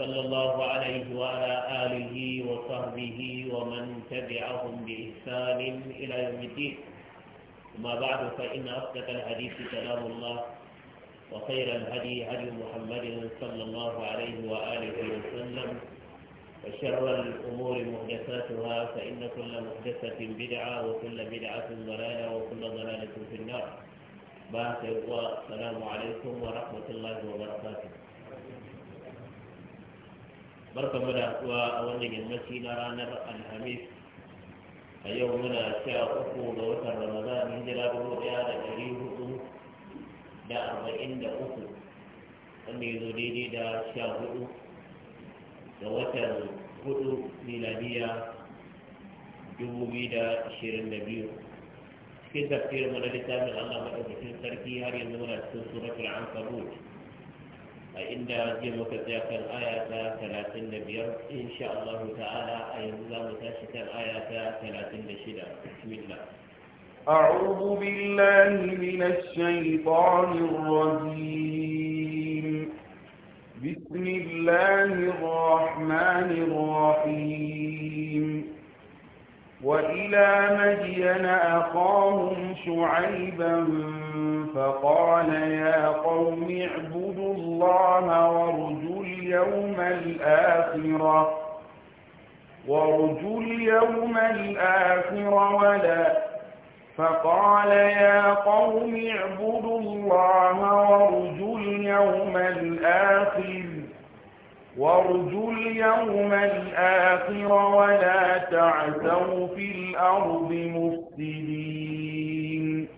صلى الله عليه وعلى آله وصحبه ومن تبعهم بإحسان إلى يوم الدين ما بعد فإن أصدق الحديث كلام الله وخير الهدي هدي محمد صلى الله عليه وآله وسلم وشر الأمور محدثاتها فإن كل محدثة بدعة وكل بدعة ضلالة وكل ضلالة في النار بعد السلام عليكم ورحمة الله وبركاته barka mu da haɗuwa a wannan yammaci na ranar alhamis a yau muna sha uku ga watan ramadan hijira dubu ɗaya da ɗari hudu da arba'in da uku wanda ya zo daidai da sha hudu ga watan hudu miladiya dubu biyu da ashirin da biyu cikin tafiyar mu na littafin allah maɗaukakin sarki har yanzu muna cikin suratul ankabut فإن رجمك سياق الآيات 35 إن شاء الله تعالى أيضا متاشك الآيات 36 بسم الله أعوذ بالله من الشيطان الرجيم بسم الله الرحمن الرحيم وإلى مدين أخاهم شعيبا فقال يا قوم اعبدوا الله وارجوا اليوم الآخرة وارجوا اليوم الآخرة ولا فقال يا قوم اعبدوا الله وارجوا اليوم الآخر وارجوا اليوم الآخر ولا تعثوا في الأرض مفسدين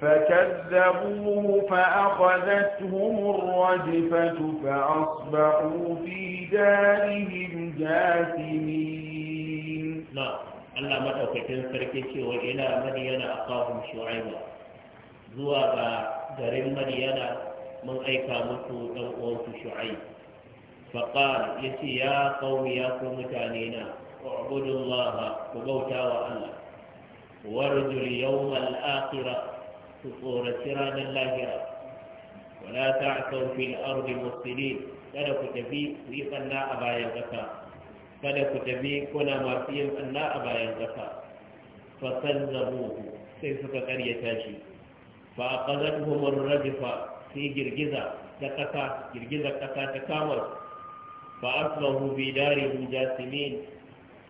فكذبوه فأخذتهم الرجفة فأصبحوا في دارهم جاثمين نعم الله ما توقيتين سركيكي وإلى مدينة أقاهم شعيبا زوا غريم مدينة من أيكا مكو دوء شعيب فقال يتي يا قوم يا قوم تانينا اعبدوا الله وبوتا الله وارجوا اليوم الآخرة تصور سران اللاهرة ولا تعثوا في الأرض مفسدين kada ku tafi ku yi tsanna a bayan ƙasa kada ku tafi kuna masu yin tsanna a bayan ƙasa fa kazzabuhu sai suka karyata shi fa aqadatuhum ar sai girgiza ƙasa ta kama فأصبحوا في دارهم جاسمين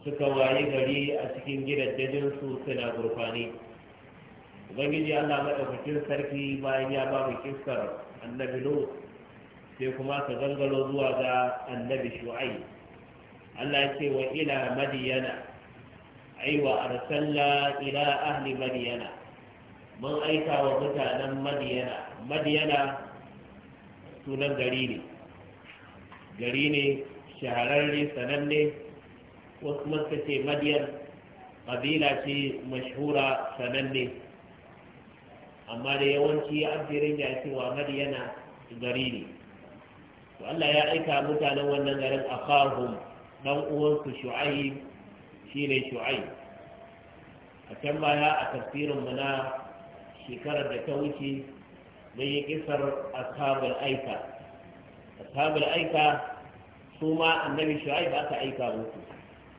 suka waye gari a cikin gidajen su suna gurfani ubangiji Allah madaukakin sarki bayan ya ba mu kiskar annabi sai kuma ka zangalo zuwa ga annabi Shu'aib Allah ce wa ila madiyana ai wa arsalna ila ahli madiyana mun aika wa mutanen madiyana madiyana sunan gari ne gari ne shahararre sananne wasu masu ce madiyar ƙabila ce mashhura sananne amma da yawanci abdirin ya cewa madiyana gari ne to Allah ya aika mutanen wannan garin a akahum dan uwansu shi shine shu'ai a can baya a tafsirin mu na shekarar da ta wuce mun yi kisar ashabul aika ashabul aika su ma annabi shu'aib aka aika musu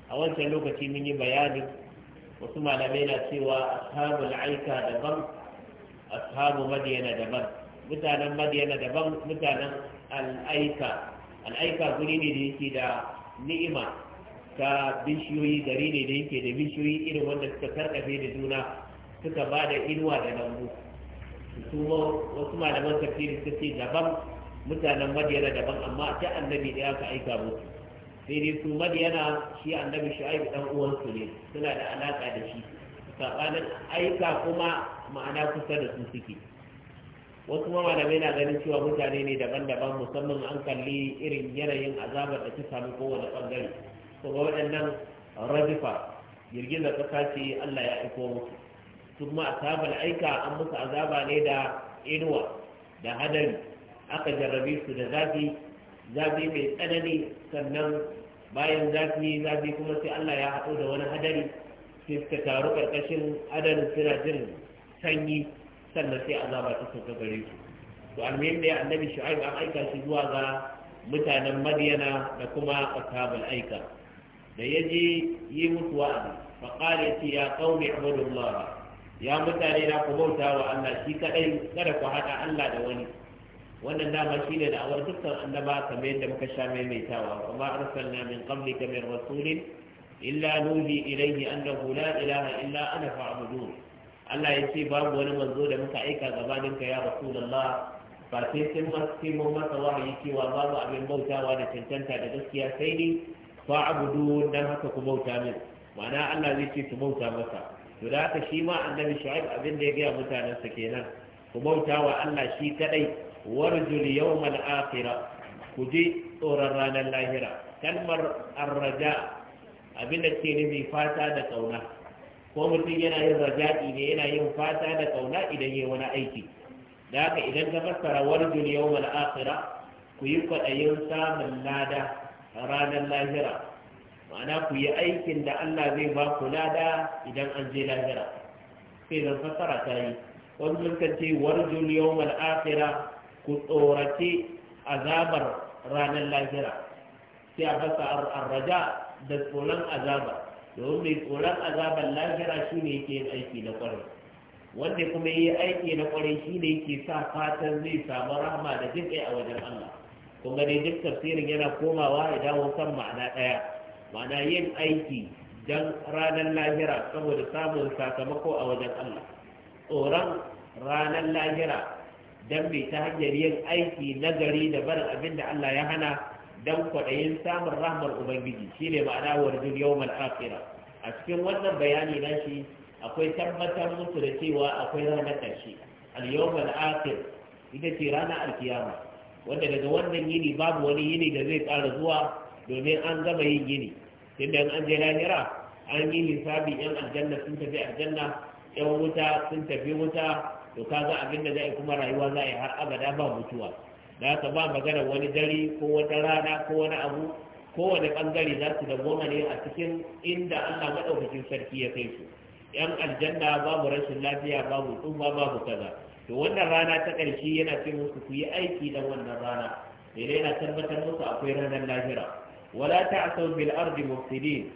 a wancan lokaci mun yi bayani wasu malamai na cewa ashabul aika daban ashabu madiyana daban mutanen madiyana daban mutanen al'aika al'aika guri ne da yake da ni'ima ta bishiyoyi gari ne da yake da bishiyoyi irin wanda suka karkafe da juna suka ba da inuwa da lambu su wasu malaman tafsiri suka ce daban mutanen madiyana daban amma ta annabi da aka aika musu sai dai su madiyana shi annabi shu'aibu dan uwansu ne suna da alaka da shi sabanin aika kuma ma'ana kusa da su suke wasu ma malamai na ganin cewa mutane ne daban-daban musamman an kalli irin yanayin azabar da ta sami kowane bangare kuma waɗannan rajifa girgiza ƙasa ce Allah ya aiko musu su kuma asabar aika an musu azaba ne da inuwa da hadari aka jarrabe su da zafi zafi mai tsanani sannan bayan zafi zafi kuma sai Allah ya haɗu da wani hadari sai suka taru ƙarƙashin adarin suna jin sanyi sannan sai azaba ta sauka gare su to almuhim da annabi shu'aib an aika shi zuwa ga mutanen madiyana da kuma ashabul aika da ya je yi musu wa'azi fa qala ya qaumi ibadullah ya mutane na ku bauta wa Allah shi kadai kada ku haɗa Allah da wani wannan dama shi ne da'awar dukkan annaba kamar yadda muka sha maimaitawa kuma arsalna min qablika min rasulin illa nuhi ilayhi annahu la ilaha illa ana fa'budun Allah ya ce babu wani manzo da muka aika gabanin ka ya rasulullah ba sai sun maske mun masa wahayi cewa babu abin bautawa da cancanta da gaskiya sai ni fa'budun dan haka ku bauta min ma'ana Allah zai ce ku bauta masa to da haka shi ma annabi shu'aib abin da ya gaya mutanensa kenan ku bauta wa Allah shi kadai warjul yawmal akhira ku tsoron ranar lahira kalmar arraja abinda ke nufi fata da kauna ko mutum yana yin raja'i ne yana yin fata da kauna idan yi wani aiki da haka idan ka fassara warjul yawmal akhira ku yi kwaɗayin samun lada ranar lahira ma'ana ku yi aikin da Allah zai ba ku lada idan an je lahira sai zan fassara ta yi wani lokaci warjul yawmal akhira ku tsorace azabar ranar lahira sai a fasa arraja da tsoron azaba domin mai tsoron azabar lahira shi ne yake yin aiki na kwarai wanda kuma yi aiki na kwarai shi ne yake sa fatan zai samu rahama da jin a wajen Allah kuma dai duk tafsirin yana komawa ya dawo kan ma'ana ɗaya ma'ana yin aiki don ranar lahira saboda samun sakamako a wajen Allah tsoron ranar lahira dan bai ta hanyar yin aiki nagari da barin abin da Allah ya hana dan kwaɗayin samun rahmar ubangiji shine ma'ana warjul yawmal akhirah a cikin wannan bayani na shi akwai tabbatar musu da cewa akwai ranar ƙarshe al-yawmal akhir ita ce ranar alkiyama wanda daga wannan yini babu wani yini da zai ƙara zuwa domin an gama yin yini tunda an je lahira an yi hisabi yan aljanna sun tafi aljanna yan wuta sun tafi wuta to kaga abin da za a yi kuma rayuwa za a yi har abada ba mutuwa da ka ba magana wani dare ko wata rana ko wani abu kowane bangare za su dawoma a cikin inda Allah maɗaukakin sarki ya kai su yan aljanna babu rashin lafiya babu tsumma babu kaza to wannan rana ta ƙarshe yana ce musu ku yi aiki da wannan rana da yana tabbatar musu akwai ranar lahira wala ta'sau bil ardi mufsidin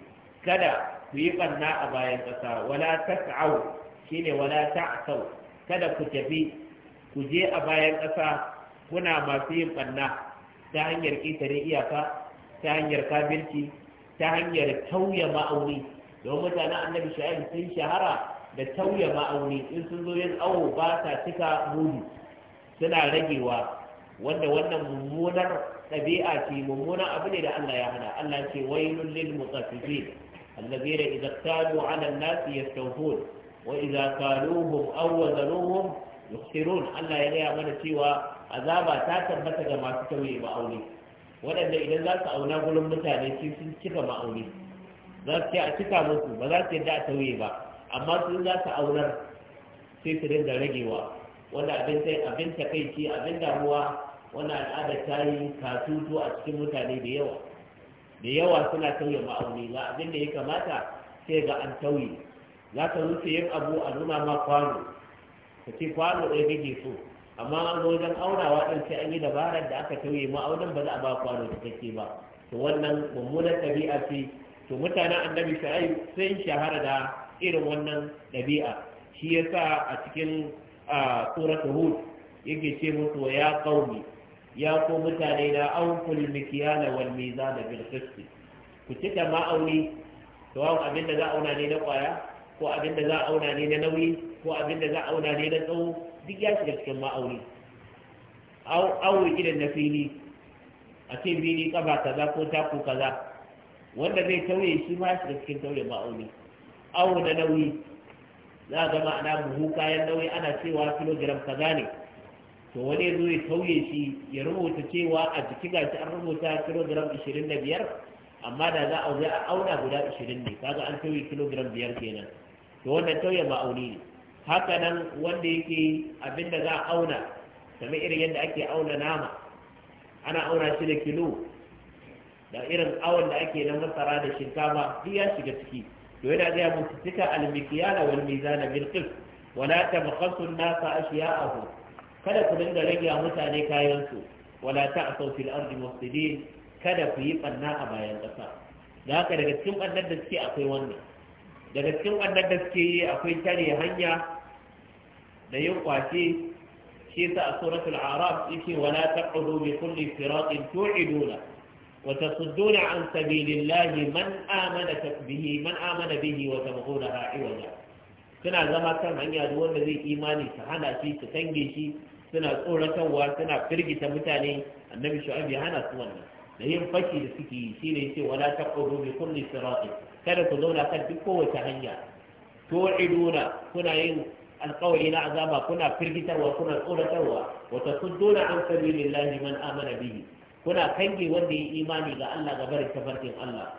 kada ku yi barna a bayan ƙasa wala tas'au shine wala ta'sau kada ku tafi ku je a bayan ƙasa kuna masu yin ɓanna ta hanyar ƙetare iyaka ta hanyar kafirci ta hanyar tauya ma'auni don mutanen annabi sha'ib sun shahara da tauya ma'auni in sun zo yin awo ba sa cika mudu suna ragewa wanda wannan mummunar ɗabi'a ce mummunar abu ne da Allah ya hana Allah ce wai lil mutaffifin allazina idza kanu 'ala an-nasi yastawfun wa idza kaluhum aw wazanuhum yukhsirun Allah ya gaya mana cewa azaba ta tabbata ga masu tauye ma'auni waɗanda idan za su auna gurin mutane sai sun cika ma'auni za su a cika musu ba za su yadda a tauye ba amma sun za su auna sai su dinga ragewa wanda abin sai abin takaici abin damuwa wanda al'ada ta yi katutu a cikin mutane da yawa da yawa suna tauye ma'auni ga abin da ya kamata sai ga an tauye za ka rufe yin abu a nuna ma kwano ka ce kwano ɗaya kake so amma an zo wajen aunawa ɗin sai an yi dabarar da aka tauye ma'aunin ba za a ba kwano da ke ba to wannan mummunar ɗabi'a ce to mutanen annabi shu'aib sun shahara da irin wannan ɗabi'a shi yasa a cikin suratul hud yake ce musu ya qaumi ya ko mutane na awkul mikyala wal mizana bil qist ku cika ma'auni to abin da za a auna ne na kwaya ko abin da za a auna ne na nauyi ko abin za a auna ne na tsawo duk ya shiga cikin ma'auni awo idan na fili a ce fili kaba kaza ko taku kaza wanda zai tauye shi ma shiga cikin tauye ma'auni awo na nauyi za a gama ana buhu kayan nauyi ana cewa kilogiram kaza ne to wani ya zo ya tauye shi ya rubuta cewa a jiki gashi an rubuta kilogiram ishirin da biyar amma da za a auna guda ishirin ne kaga an tauye kilogiram biyar kenan to wannan tauye ma'auni ne haka nan wanda yake abinda za a auna kamar irin yadda ake auna nama ana auna shi da kilo da irin awon da ake na masara da shinkafa duk ya shiga ciki to yana gaya musu cika almikiyala wal mizana bil qist wala tabqasu an-nasa ashiya'ahu kada ku dinga rage mutane kayan su wala ta'sau fil ardi mufsidin kada ku yi banna a bayan ƙasa da haka daga cikin bannar da suke akwai wannan daga cikin wannan da suke yi akwai tare hanya da yin kwace shi sa a suratul a'raf yake wala taqudu bi kulli siratin tu'iduna wa tasudduna an sabilillahi man amana bihi man amana bihi wa tabghunaha iwaja kana zama kan hanya duk wanda zai imani ta hana shi ta tange shi suna tsoratarwa suna firgita mutane annabi shu'aib ya hana su wannan da yin fashi da suke yi shine yace wala taqudu bi kulli siratin kada ku zauna kan duk kowace hanya tu'iduna kuna yin alƙawari na azaba kuna firgitarwa kuna tsoratarwa wa tasudduna an sabilillahi man amana bihi kuna kange wanda ya imani ga Allah ga barin tafarkin Allah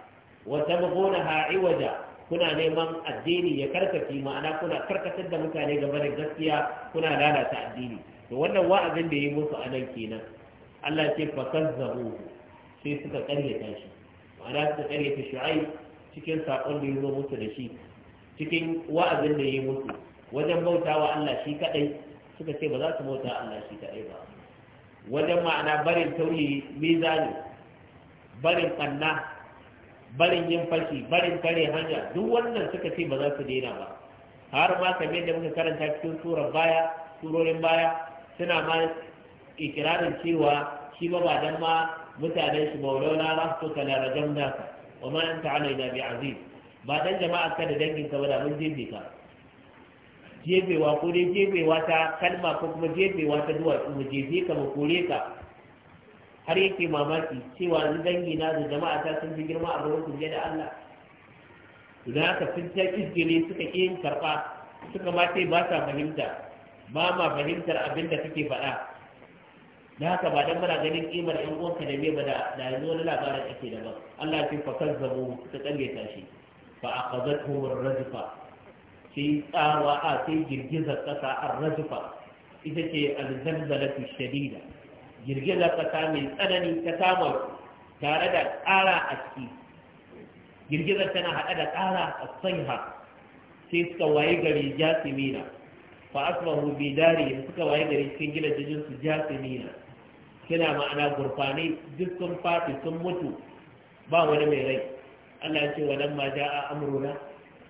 wa tabghunaha iwaja kuna neman addini ya karkace ma'ana kuna karkatar da mutane ga barin gaskiya kuna lalata addini to wannan wa'azin da yi musu anan kenan Allah ya ce fa kazzabu sai suka karyata shi ma'ana suka karyata shu'aib cikin saƙon da ya zo musu da shi cikin wa'azin da ya musu wajen bautawa Allah shi kaɗai suka ce ba za su bauta Allah shi kaɗai ba wajen ma'ana barin tauye mizani barin ɓanna barin yin fashi barin kare hanya duk wannan suka ce ba za su daina ba har ma kamar da muka karanta cikin surar baya surorin baya suna ma ikirarin cewa shi ba ba dan ma mutanen shi na rahmatuka la rajamnaka wa ma anta alaina bi aziz ba dan jama'a ka da dangin ka ba da mun jefe ka jefewa ko dai jefewa ta kalma ko kuma jefewa ta duwatsu mu jefe ka mu kore ka har yake mamaki cewa ni dangi na da jama'a ta sun fi girma a gaban kuje da Allah idan aka sun ta izgile suka ƙi yin karɓa suka ma sai ba sa fahimta ba ma fahimtar abin da kake faɗa da haka ba dan muna ganin kimar yan uwanka da me ba da da yanzu wani labarin ake da ba Allah ya fa kazzabu suka karyata shi fa aqadathum ar-rajfa sai tsawa a sai girgizar kasa ar-rajfa ita ce al-zalzalatu shadida girgizar kasa mai tsanani ta kama tare da ƙara a ciki girgizar tana haɗa da ƙara a saiha sai suka waye gari jasimina fa asbahu bi darihim suka waye gari cikin gidajen su jasimina kina ma'ana gurfani duk sun faɗi sun mutu ba wani mai rai Allah ya ce wa ma lamma ja'a amruna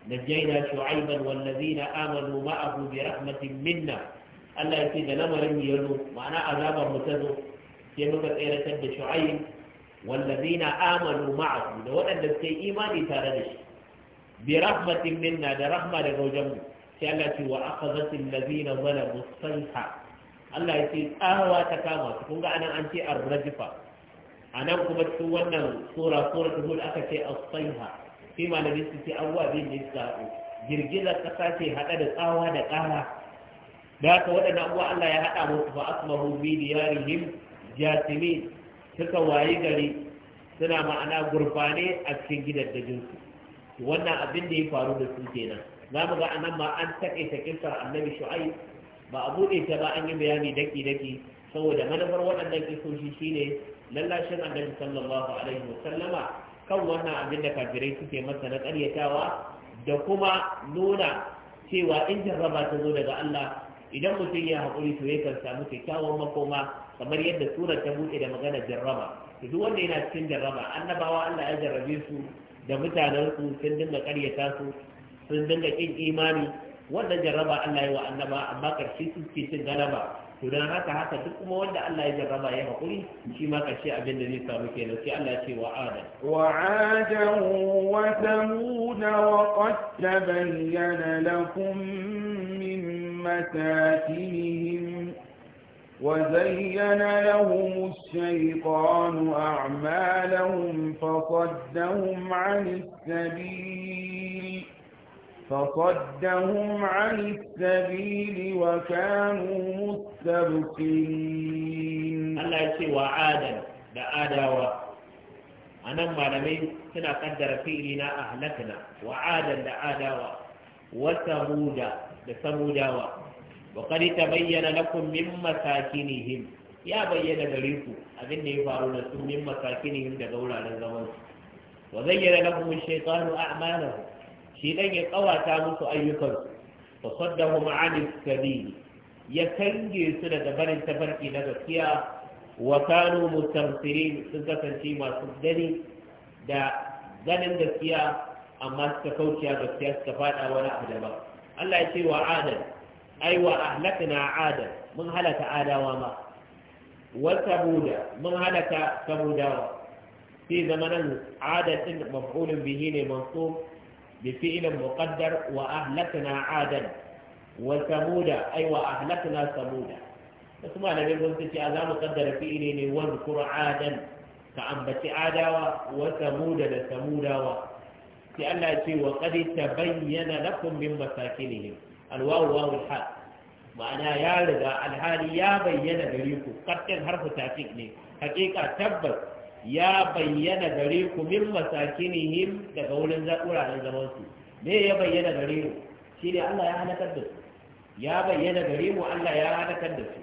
najjayna shu'ayban wal ladina amanu ma'ahu bi rahmatin minna Allah ya ce da lamarin ya zo ma'ana azabar mu ta zo sai muka tsayar da shu'ayb wal ladina amanu ma'ahu da waɗanda suke imani tare da shi bi rahmatin minna da rahma daga wajen mu sai Allah ya ce wa akhadhat alladhina zalamu sayha Allah ya ce tsawa ta kama su kun ga anan an ce ar A anan kuma cikin wannan sura suratul hud aka ce as-sayha sai malamin su ce awwa bin nisa'u girgizar kasa ce hada da tsawa da ƙara da haka waɗannan abuwa Allah ya haɗa musu fa asmahu bi diyarihim jasimi, suka wayi gari suna ma'ana gurbane a cikin gidaddajin su wannan abin da ya faru da su kenan za mu ga anan ma an taƙaita kisar annabi shu'aib ba a buɗe ta ba an yi bayani daki daki saboda manufar waɗannan kisoshi shine lallashin annabi sallallahu alaihi wa sallama kan wannan abin da kafirai suke masa na ƙaryatawa da kuma nuna cewa in jarraba ta zo daga Allah idan mutum ya haƙuri to yakan samu kyakkyawan makoma kamar yadda surar ta buɗe da maganar jarraba duk wanda yana cikin jarraba annabawa Allah ya jarrabe su da mutanen su sun dinga ƙaryata su sun dinga kin imani wannan jarraba Allah ya wa annaba amma karshe su ke cin galaba to dan haka haka duk kuma wanda Allah ya jarraba ya hakuri shi ma karshe abin da zai samu kenan sai Allah ya ce wa ada wa ada wa samud wa qad tabayyana lakum min masakinihim وزين لهم الشيطان أعمالهم فصدهم عن السبيل فصدهم عن السبيل وكانوا مستبقين الله يسي وعادا دا آداوا أنا ما لمي سنة قدر فينا أهلكنا وعادا دا آداوا وثمودا دا ثموداوا وقد تبين لكم من مساكنهم يا بين دليكم أذن يفعلون من مساكنهم دا دولا للزمان وزين لكم الشيطان أعمالهم ɗan ya ƙawata musu ayyukansu fa saddahum an sabili ya kange su daga barin tafarki na gaskiya wa kanu mutamsirin sun kasance masu gani da ganin gaskiya amma suka kauciya gaskiya suka faɗa wani abu daban Allah ya ce wa adam ai wa ahlakna adam mun halaka adawa ma wa sabuda mun halaka sabudawa sai zamanan adam din maf'ulun bihi ne mansub بفعل مقدر وأهلكنا عادا وثمودا أي وأهلكنا ثمودا ثم أنا بقول تشي هذا مقدر فعلي يعني واذكر عادا كأنبت عادا وثمود لثمود في وقد تبين لكم من مساكنهم الواو واو الحال ma'ana يا riga الحال يا بين gare قد ƙarfin harfi حقيقة تبت ya bayyana gare ku min masakinihim daga wurin wuraren zamansu me ya bayyana gare mu ne Allah ya halakar da su ya bayyana gare mu Allah ya halakar da su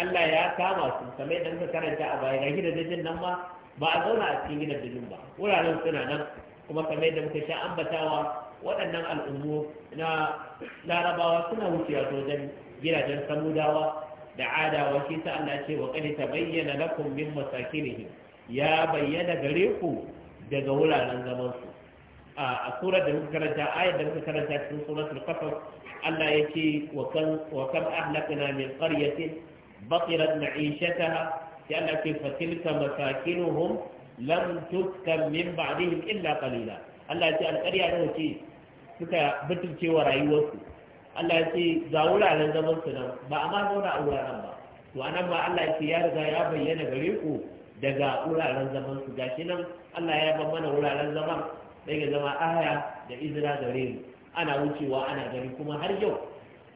Allah ya kama su kamar yadda muka karanta a baya ga dajin nan ma ba a zauna a cikin gidajen ba wuraren suna nan kuma kamar yadda muka sha ambatawa waɗannan al'ummu na larabawa suna wucewa wajen gidajen samudawa da adawa shi sa Allah ce wa qad tabayyana lakum min masakinihim ya bayyana gare ku daga wuraren zaman su a asura da muka karanta ayat da muka karanta cikin suratul qasas Allah yake wa kan wa kan ahlakna min qaryatin batirat ma'ishataha Ya Allah ke fatilka masakinuhum lam tuskar min ba'dihim illa qalila Allah ya ce alƙarya da wace suka butulce wa su Allah ya ce ga wuraren zaman su nan ba a ma wuraren ba to anan ba Allah ya ce ya riga ya bayyana gare ku daga wuraren zaman su gashi nan Allah ya ban mana wuraren zaman daga zama aya da izina da rin ana wucewa ana gari, kuma har yau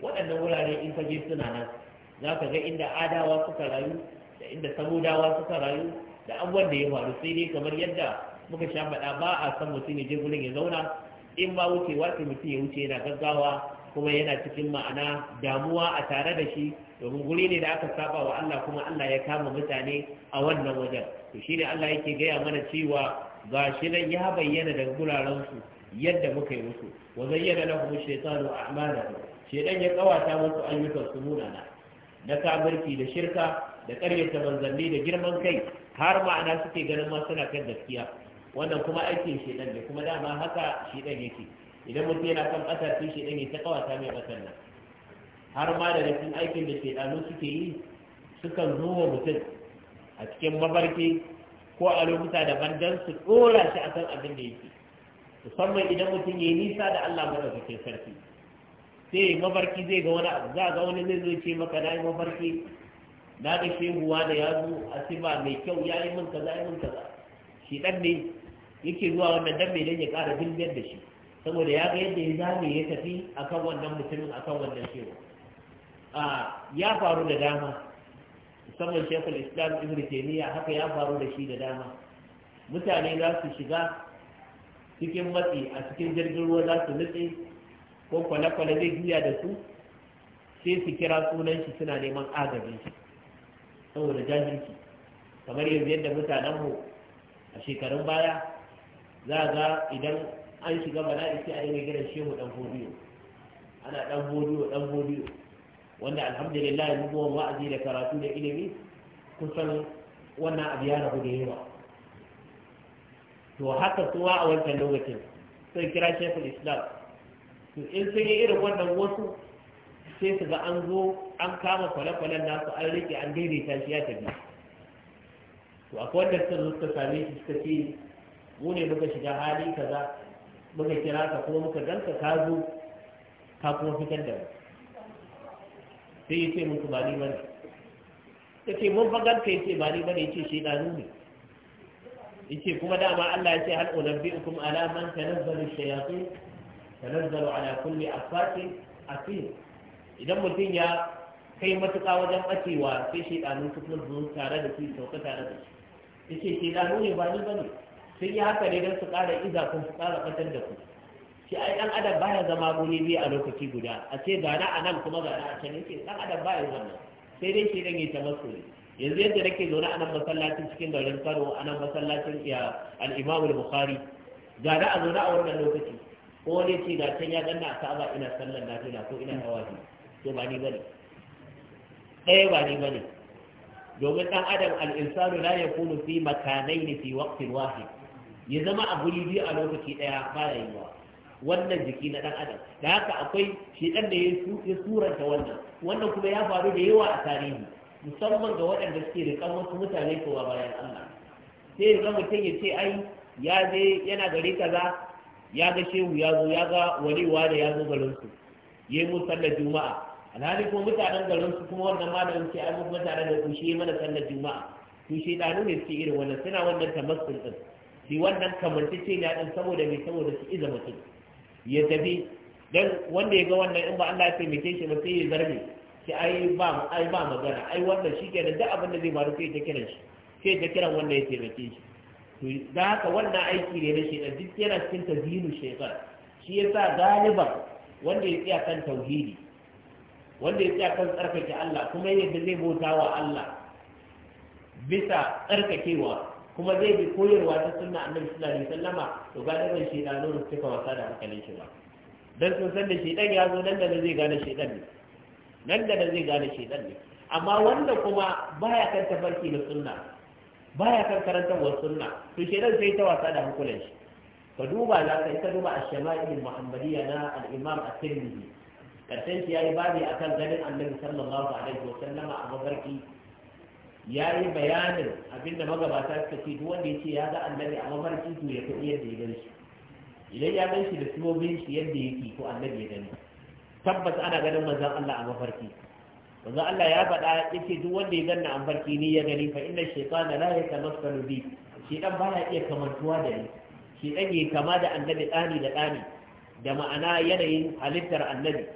waɗannan wuraren in ka je suna nan za ka ga inda adawa suka rayu da inda samudawa suka rayu da abubuwan da ya faru sai dai kamar yadda muka sha faɗa ba a san mutum ya je gurin ya zauna in ba wucewa sai mutum ya wuce yana gaggawa kuma yana cikin ma'ana damuwa a tare da shi domin guri ne da aka saba wa Allah kuma Allah ya kama mutane a wannan wajen to shine Allah yake gaya mana cewa ga shi nan ya bayyana daga guraren su yadda muka yi musu wa zayyana lahum shaytanu shi shaytan ya kawata musu ayyukan su na da kabirki da shirka da ta manzanni da girman kai har ma'ana suke ganin ma suna kan gaskiya wannan kuma aikin shaytan ne kuma dama haka shaytan yake idan mutum yana kan ƙasa shi shaytan ya ta kawata mai ƙasar nan har ma da cikin aikin da shaidanu suke yi sukan zo wa mutum a cikin mabarki ko a lokuta daban don su ɗora shi a kan abin da yake musamman idan mutum ya yi nisa da Allah ke sarki sai mabarki zai ga wani abu za ga wani zai zoce maka na yi mabarki na ga shehuwa da ya zo a mai kyau ya yi min kaza ya min kaza shi ɗan ne yake zuwa wannan dan mai dan ya ƙara dulbiyar da shi saboda ya ga yadda ya zame ya tafi akan wannan mutumin akan wannan shehu ya faru da dama musamman shekul islam ibn haka ya faru da shi da dama mutane za su shiga cikin matsi a cikin jirgin ruwa za su nutse ko kwale-kwale zai juya da su sai su kira sunan shi suna neman agabin shi saboda jahilci kamar yanzu yadda mutanen mu a shekarun baya za ga idan an shiga bala'i sai a yi gidan shehu dan bodiyo, ana dan bodiyo, dan bodiyo. wanda alhamdulillah yanzu zuwan wa'azi da karatu da ilimi kusan wannan abu ya rabu da yawa to haka suwa a wancan lokacin sai kira shekul islam to in sun yi irin wannan wasu sai su ga an zo an kama kwale-kwalen nasu an rike an daidaita shi ya tafi to akwai wanda sun suka same shi suka ce mu ne muka shiga hali kaza muka kira ka kuma muka ganta ka zo ka kuma fitar da mu sai ya ce musu ba ni bane ya ce mun fagar ka ya ce ba ni bane ya ce shaidanu ne ya ce kuma dama Allah ya ce hal unabbi'ukum ala man tanazzalu shayatin tanazzalu ala kulli a asir idan mutum ya kai matuƙa wajen ɓacewa sai shaidanu su kuma zuwa tare da su sauka tare da su ya ce shaidanu ne ba ni bane sun yi haka ne don su ƙara iza kun su ƙara ɓatar da ku ce ai dan adam baya zama guri biyu a lokaci guda a ce ga a nan kuma gana a can yake dan adam baya zama sai dai shi dan ya tabassum yanzu yadda nake zaune a nan masallacin cikin garin karo a nan masallacin ya al-Imam al-Bukhari gana a zaune a wannan lokaci ko ne ce ga can ya ganna a Ka'aba ina sallan lafiya ko ina hawaji to ba ni bane ɗaya ba ni bane domin dan adam al-insanu la yakunu fi makanaini fi waqtin wahid ya zama a guri biyu a lokaci daya baya yiwa wannan jiki na dan adam da haka akwai dan da ya suranta wannan wannan kuma ya faru da yawa a tarihi musamman ga waɗanda suke kan wasu mutane ko bayan Allah sai ya mutum ya ce ai ya je yana gari kaza ya ga shehu ya zo ya ga walewa da ya zo garin su ya yi mun sallar juma'a alhali kuma mutanen garin su kuma wannan malamin ce ai kuma mutanen da kushe ya mana sallar juma'a to shi danu ne suke irin wannan suna wannan tamassul din shi wannan kamar ce ne din saboda me saboda su iza mutum ya tafi dan wanda ya ga wannan in ba Allah ya taimake shi ba sai ya zarge sai ai ba ai ba magana ai wannan shikenan duk abin da zai faru sai ya kira shi sai ta kiran wanda ya taimake shi to da haka wannan aiki ne na shaitan duk yana cikin tazinu shaitan shi yasa galiban wanda ya tsaya kan tauhidi wanda ya tsaya kan tsarkake Allah kuma yadda zai bauta wa Allah bisa tsarkakewa kuma zai bi koyarwa ta sunna annabi sallallahu alaihi wasallama to ga da shi da suka wasa da hankalin shi ba dan sun san da shedan ya zo nan da zai gane shedan ne nan da zai gane shedan ne amma wanda kuma baya kan tafarki da sunna baya kan karantarwar sunna to shedan sai ta wasa da hankalin shi ka duba za ka ita duba ash-shama'il muhammadiyya na al-imam at-tirmidhi karshen shi yayi babi akan ganin annabi sallallahu alaihi wasallama a mabarki ya yi bayanin abinda magabata suka ce duk wanda ya ce ya ga annabi a mafarki to ya fi yadda ya gani idan ya gan shi da sunobin shi yadda ke ko annabi ya gani tabbas ana ganin manzon Allah a mafarki manzon Allah ya faɗa ya ce duk wanda ya ganna a mafarki ni ya gani fa inna shaytana la yatamassalu bi shedan baya iya kamantuwa da ni shi ɗan ya kama da annabi dani da dani da ma'ana yanayin halittar annabi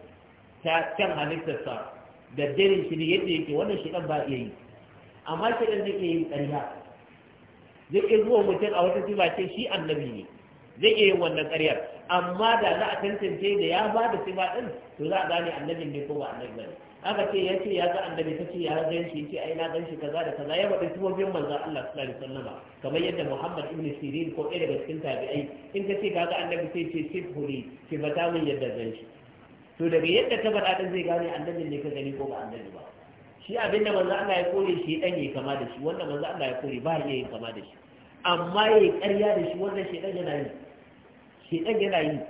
ta kan halittarsa da dirin shi yadda yake wannan shi ɗan ba iya yi amma kiran zai iya yin ƙarya zai iya zuwa mutum a wata sifa ce shi annabi ne zai iya yin wannan ƙaryar amma da za a tantance da ya ba da sifa ɗin to za a gane annabin ne ko ba annabi ne aka ce ya ce ya ga annabi ta ce ya gan shi ce ai na gan shi kaza da kaza ya faɗi sifofin manzon Allah sallallahu alaihi kamar yadda Muhammad ibn Sirin ko ɗaya daga cikin tabi'ai in ka ce ka ga annabi sai ce sifuri sifata min yadda gan shi to daga yadda ta faɗa ɗin zai gane annabin ne ka gani ko ba annabi ba shi da manzo Allah ya kore shi dan yayi kama da shi wannan manzo Allah ya kore ba yayi kama da shi amma yayi ƙarya da shi wannan shi dan yana yi Shi dan yana yi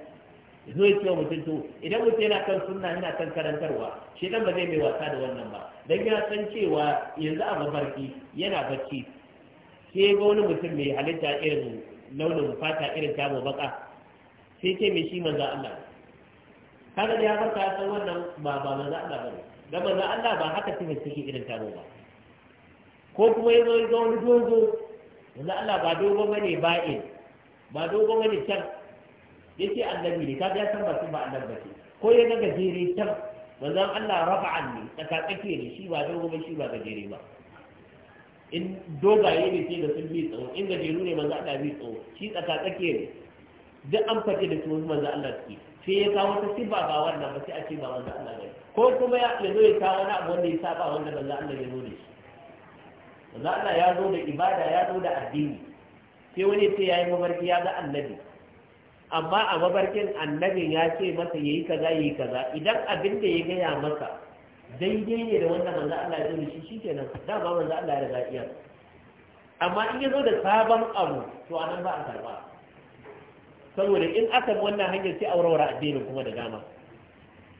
zai ya ce mutum to idan mutum yana kan sunna yana kan karantarwa shi dan ba zai mai wasa da wannan ba dan ya san cewa yanzu a mafarki yana bacci sai ga wani mutum mai halitta irin launin fata irin tamu baka sai ce mai shi manzo Allah kaga da ya farka ya san wannan ba ba manzo Allah ne. da manzo Allah ba haka sifar take irin taro ba ko kuma ya zo ya ga wani dogo manzo Allah ba dogo bane ba'in ba dogo bane can yace annabi ne kaga ya san ba sun ba annabi ce ko ya ga gajere can manzo Allah rafa'an ne tsaka tsake ne shi ba dogo ba shi ba gajere ba in dogaye ne sai da sun bi tsawo in gajeru ne manzo Allah bi tsawo shi tsaka tsake ne duk an fadi da tuwon manzo Allah suke sai ya kawo ta sifa ba wannan ba sai a ce ba manzo Allah ne ko kuma ya zo ya ta wani abu wanda ya saba wanda manzo Allah ya zo da shi manzo Allah ya zo da ibada ya zo da addini sai wani sai yayi mabarki ya ga annabi amma a mabarkin annabin ya ce masa yayi kaza yayi kaza idan abin da ya gaya masa daidai ne da wannan manzo Allah ya zo da shi shikenan dama manzo Allah ya riga iya amma in ya zo da sabon abu to anan ba a karba saboda in aka wannan hanyar sai aurora addinin kuma da dama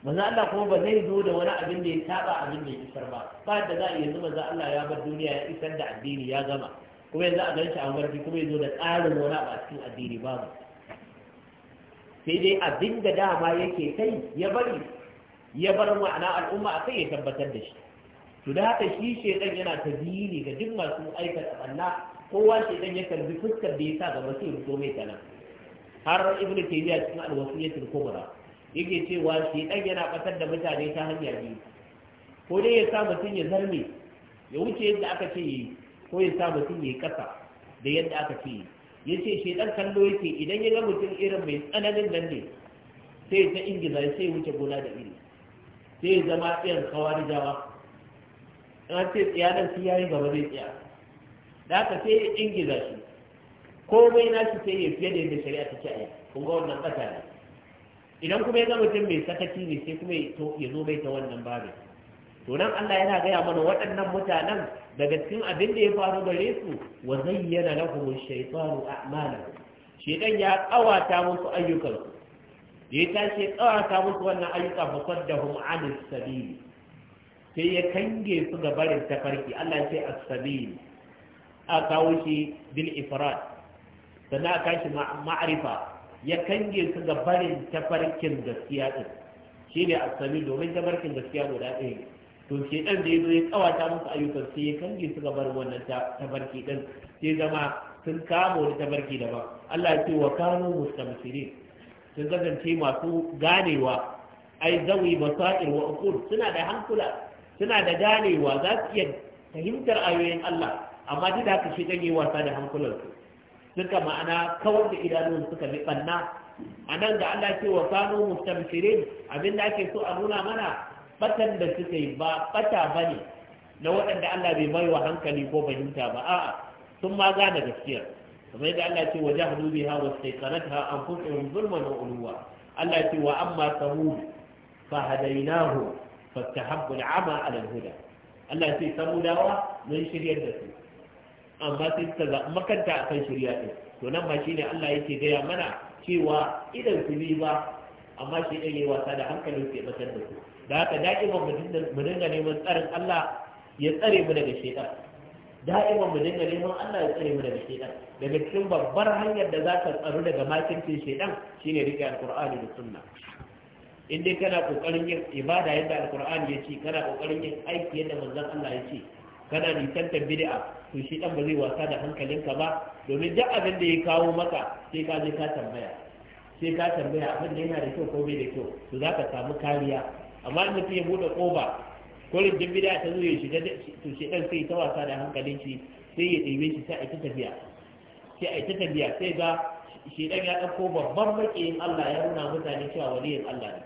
manzo Allah kuma ba zai zo da wani abin da ya saba abin da ya isar ba ba da za a yanzu manzo Allah ya bar duniya ya isar da addini ya gama kuma yanzu a ganci a warfi kuma ya zo da tsarin wani abu a cikin addini babu sai dai abin da dama yake kai ya bari ya bar ma'ana al'umma a kai ya tabbatar da shi to da haka shi shedan yana ta dini ga duk masu aikata banna kowa ɗan ya karbi fuskar da ya sa gaba sai ya fito mai tana har ibnu taymiya cikin al-wasiyatul kubra yake cewa shi dan yana batar da mutane ta hanya ne ko dai ya sa mutum ya zarme ya wuce yadda aka ce yi ko ya sa mutum ya yi kasa da yadda aka ce yi ya ce shi dan kallo yake idan ya ga mutum irin mai tsananin nan ne sai ta ingiza sai wuce gona da iri sai ya zama ɗayan kawar jawa an ce tsiya nan sai yayi gaba zai tsaya. da aka sai ya ingiza shi komai na shi sai ya fiye da yadda shari'a ta ce a yi kun ga wannan ƙasa ne idan kuma ya ga mutum mai sakaci ne sai kuma ya zo bai ta wannan babin to nan Allah yana gaya mana waɗannan mutanen daga cikin abin da ya faru gare su wa zayyana lahum ash-shaytanu a'malahum shaytan ya kawata musu ayyukansu da ya tashi ya kawata musu wannan ayyuka fa saddahum 'ala sabil sai ya kange su ga barin tafarki Allah sai ce as-sabil a kawo shi bil ifrad sannan a kashi ma'arifa ya kange su ga barin tafarkin gaskiya din shi ne a sami domin tafarkin gaskiya guda ɗaya to shi ɗan da ya zo ya kawata musu ayyukan sai ya kange su ga barin wannan tafarki ɗin sai zama sun kama wani tafarki daban Allah ya ce wa kanu mustamsiri sun kasance masu ganewa ai zawi basair wa uqul suna da hankula suna da ganewa za su iya fahimtar ayoyin Allah amma duk da haka shi ganye wasa da hankulansu suka ma'ana kawar da idanun suka bi banna a nan da Allah ke wa kanu mustamsirin abin da ake so a nuna mana batan da suka yi ba bata bane na waɗanda Allah bai baiwa wa hankali ko fahimta ba a'a sun ma gane gaskiya kamar yadda Allah ce wa jahadu biha an sayqanatha anfusuhum zulman na ulwa Allah ce wa amma samud fa hadainahu fastahabbu al'ama 'ala huda Allah ce dawa mun shiryar da su amma sai suka zaɓi makanta a kan shirya ɗin to nan ma shi ne Allah yake gaya mana cewa idan su bi ba amma shi ɗan yi wasa da hankali ke ɓatar da su da haka da'iman mu dinga neman tsarin Allah ya tsare mu daga shaitan da'iman mu dinga neman Allah ya tsare mu daga shaitan daga cikin babbar hanyar da za ka tsaro daga makincin shaitan shine rike alqur'ani da sunna in dai kana kokarin yin ibada yadda alqur'ani ya ce kana kokarin yin aiki yadda manzon Allah ya ce kana nisantar bid'a to shi dan ba zai wasa da hankalinka ba domin duk abin da ya kawo maka sai ka je ka tambaya sai ka tambaya abin da yana da kyau ko bai da kyau to za ka samu kariya amma in mutum ya bude koba ko rindin bida ta zo ya shiga to shi dan sai ta wasa da hankalin shi sai ya ɗebe shi sai a ta tafiya sai a ta tafiya sai ga shi dan ya ɗauko babban maƙiyin Allah ya nuna mutane cewa waliyin Allah ne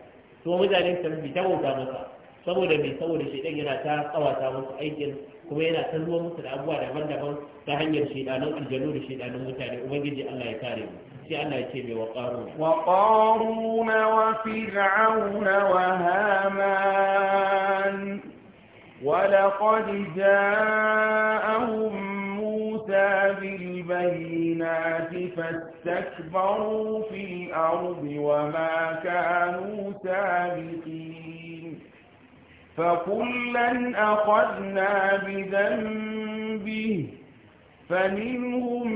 to mutane sun bi ta bauta masa saboda mai saboda shaidan yana ta tsawata musu aikin kuma yana ta zuwa musu da abubuwa daban-daban ta hanyar shaidanan aljanu da shaidanan mutane ubangiji Allah ya kare mu sai Allah ya ce mai wa qaruna wa qaruna wa fir'auna wa haman ولقد جاءهم موسى بالبينات فاستكبروا في الأرض وما كانوا سابقين فكلا أخذنا بذنبه فمنهم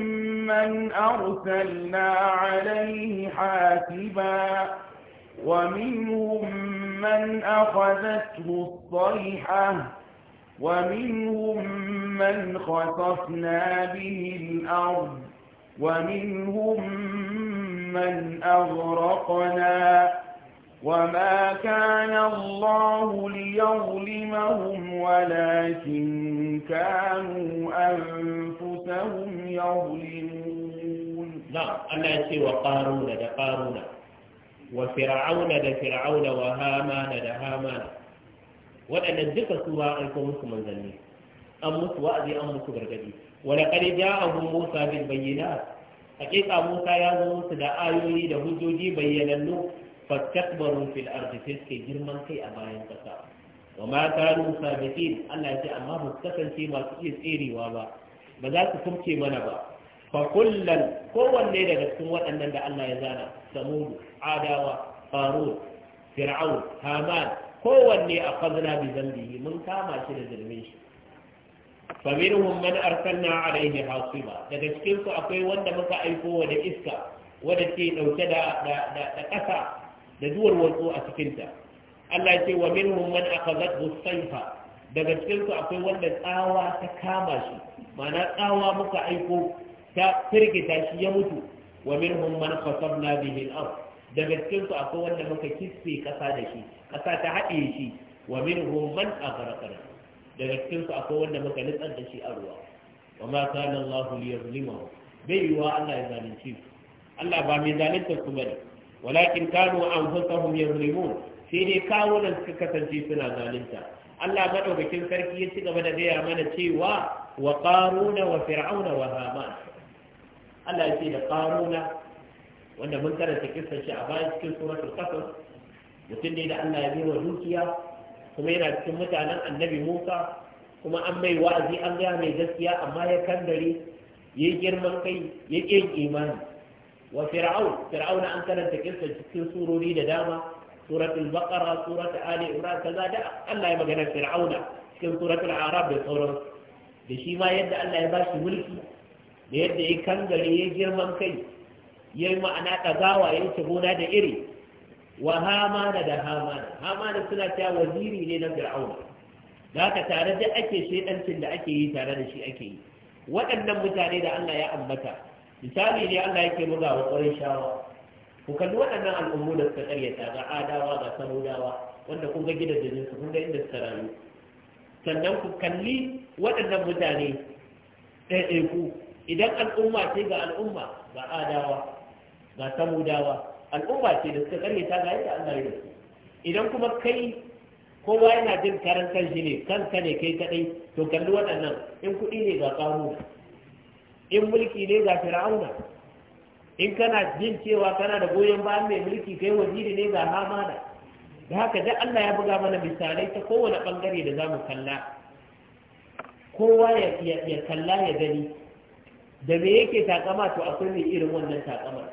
من أرسلنا عليه حاسبا ومنهم من أخذته الصيحة ومنهم من خسفنا به الأرض ومنهم من أغرقنا وما كان الله ليظلمهم ولكن كانوا أنفسهم يظلمون نعم الله يسي وقارون دا قارون وفرعون دا فرعون وهامان دا هامان وأن الذكر سورة أنكم مسلم ذنبي أمس وأذي أمس برقدي ولقد جاءهم موسى بالبينات حقيقة موسى يا موسى دا آيوني دا هجوجي بيننو fastakbaru fil ardi sai suke girman kai a bayan kasa wa ma kanu sabiqin Allah ya ce amma ba su kasance masu iya tserewa ba ba za su kumce mana ba fa kullan kowanne daga cikin waɗannan da Allah ya zana samudu adawa qarun fir'aun haman kowanne a fadna bi zambihi mun kama shi da zulmin shi fa minhum man arsalna alayhi hasiba daga cikin su akwai wanda muka aiko wa da iska wadda ke dauke da da ƙasa da duwar wasu a cikinta Allah ce wa minhum man akhadhat busayfa daga cikin su akwai wanda tsawa ta kama shi ma'ana tsawa muka aiko ta firgita shi ya mutu wa min man khasabna bihi al-ard daga cikin su akwai wanda muka kisse kasa da shi kasa ta haɗe shi wa minhum man aghraqna daga cikin su akwai wanda muka nutsar da shi a ruwa wa ma kana Allah liyazlimahu bai yiwa Allah ya zalunci Allah ba mai zalunta su bane walakin kanu anfusahum yazlimun sai dai kawunan suka kasance suna zalunta Allah madaukakin sarki ya ci gaba da gaya mana cewa wa qaruna wa fir'auna wa haman Allah ya ce da qaruna wanda mun karanta kissar shi a bayan cikin suratul qasas mutum ne da Allah ya bi wa dukiya kuma yana cikin mutanen annabi Musa kuma an mai wa'azi an gaya mai gaskiya amma ya kandare ya girman kai ya ƙin imani wa fir'aun fir'auna an karanta kinsa cikin surori da dama suratul baqara suratul ali imran kaza da Allah ya magana fir'auna cikin suratul arab da sauran da shi ma yadda Allah ya bashi mulki da yadda ya kangare ya girman kai ya yi ma'ana ɗagawa ya wuce gona da iri wa hamana da hamana hamana suna cewa waziri ne na fir'auna da haka tare da ake shaidancin da ake yi tare da shi ake yi waɗannan mutane da Allah ya ambata misali ne Allah yake buga wa ƙwarin shawa ku kalli waɗannan al'ummu da suka ƙaryata ga adawa ga samudawa wanda kun ga gidajen su kun ga inda suka rayu sannan ku kalli waɗannan mutane ɗaya ku, idan al'umma ce ga al'umma ga adawa ga samudawa al'umma ce da suka ƙaryata ga yadda Allah ya su idan kuma kai kowa yana jin karan kan shi ne kanka ne kai kaɗai to kalli waɗannan in kuɗi ne ga ƙaru in mulki ne ga fir'auna in kana jin cewa kana da goyon bayan mai mulki kai waziri ne ga hamada? da haka dai Allah ya buga mana misalai ta kowane bangare da zamu kalla kowa ya kalla ya gani da me yake takama to akwai mai irin wannan takama